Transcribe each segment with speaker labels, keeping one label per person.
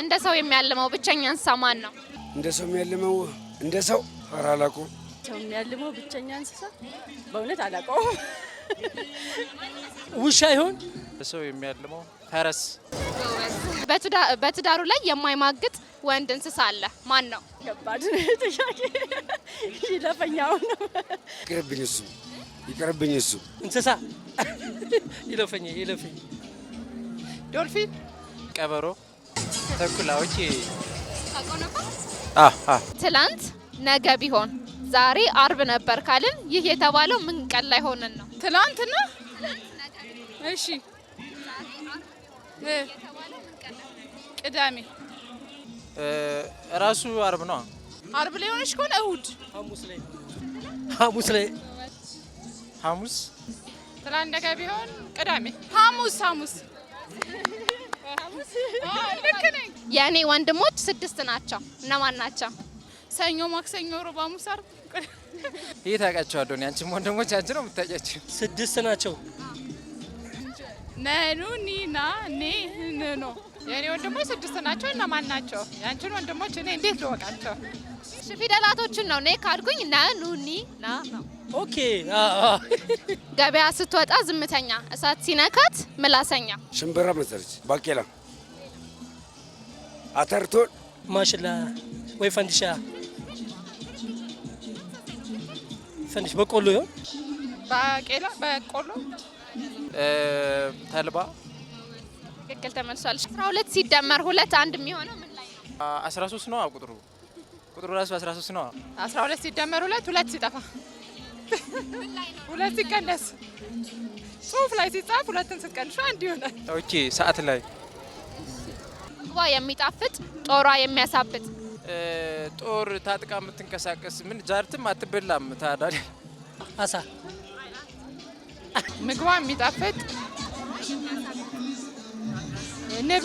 Speaker 1: እንደ ሰው የሚያልመው ብቸኛ እንስሳ ማን ነው?
Speaker 2: እንደ ሰው የሚያልመው እንደ ሰው ኧረ አላውቀውም።
Speaker 1: ሰው የሚያልመው ብቸኛ እንስሳ በእውነት አላውቀውም።
Speaker 3: ውሻ ይሆን?
Speaker 4: ሰው የሚያልመው ፈረስ።
Speaker 1: በትዳሩ ላይ የማይማግጥ ወንድ እንስሳ አለ ማን ነው? ከባድ ጥያቄ ይለፈኛው ነው።
Speaker 2: ይቅርብኝ እሱ ይቅርብኝ እሱ
Speaker 3: እንስሳ ይለፈኝ ይለፈኝ። ዶልፊን፣
Speaker 4: ቀበሮ ተኩላዎች
Speaker 1: ትላንት ነገ ቢሆን ዛሬ አርብ ነበር ካልን ይህ የተባለው ምን ቀን ላይ ሆነን ነው?
Speaker 3: ትላንትና። እሺ ቅዳሜ
Speaker 4: ራሱ አርብ ነው።
Speaker 3: አርብ ላይ ሆነች ከሆነ እሁድ፣
Speaker 4: ሐሙስ ላይ ሐሙስ፣
Speaker 3: ትላንት ነገ ቢሆን ቅዳሜ፣ ሐሙስ ሐሙስ
Speaker 1: የእኔ ወንድሞች ስድስት ናቸው። እነማን ናቸው?
Speaker 3: ሰኞ፣ ማክሰኞ፣ ሮብ፣ ሐሙስ፣ ዓርብ
Speaker 4: ይህ ታውቃቸዋለሁ። አንቺም ወንድሞች አንቺ ነው የምታውቂያቸው።
Speaker 3: ስድስት ናቸው። ነኑ ኒና ኔ ኖ የእኔ ወንድሞች ስድስት ናቸው። እነማን ናቸው? ያንቺን ወንድሞች እኔ እንዴት ልወቃቸው?
Speaker 1: ፊደላቶችን ነው እኔ ካልኩኝ ነኑ ኒ ነው ኦኬ ገበያ ስትወጣ ዝምተኛ፣ እሳት ሲነካት ምላሰኛ።
Speaker 2: ሽምብራ መሰለች፣ ባቄላ፣ አተርቶ፣
Speaker 3: ማሽላ ወይ ፈንዲሻ፣ ፈንዲሽ፣ በቆሎ ይሆን ባቄላ፣ በቆሎ፣
Speaker 4: ተልባ።
Speaker 1: ትክክል ተመልሷል። 12 ሲደመር ሁለት አንድ የሚሆነው ምን ላይ ነው?
Speaker 4: 13 ነው ቁጥሩ። ቁጥሩ ራሱ 13 ነው።
Speaker 3: 12 ሲደመር ሁለት ሁለት ሲጠፋ ሁለት ሲቀነስ ጽሁፍ ላይ ሲጻፍ ሁለትን ስትቀንሹ አንድ ይሆናል።
Speaker 4: ኦኬ ሰዓት ላይ
Speaker 1: ግባ የሚጣፍጥ ጦሯ የሚያሳብጥ
Speaker 4: ጦር ታጥቃ የምትንቀሳቀስ ምን ጃርትም አትበላም። ታዲያ
Speaker 3: አሳ ምግቧ የሚጣፍጥ
Speaker 1: ንብ።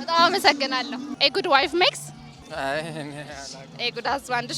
Speaker 1: በጣም አመሰግናለሁ። ዋይፍ ሜክስ ኤጉድ ሀዝባንድ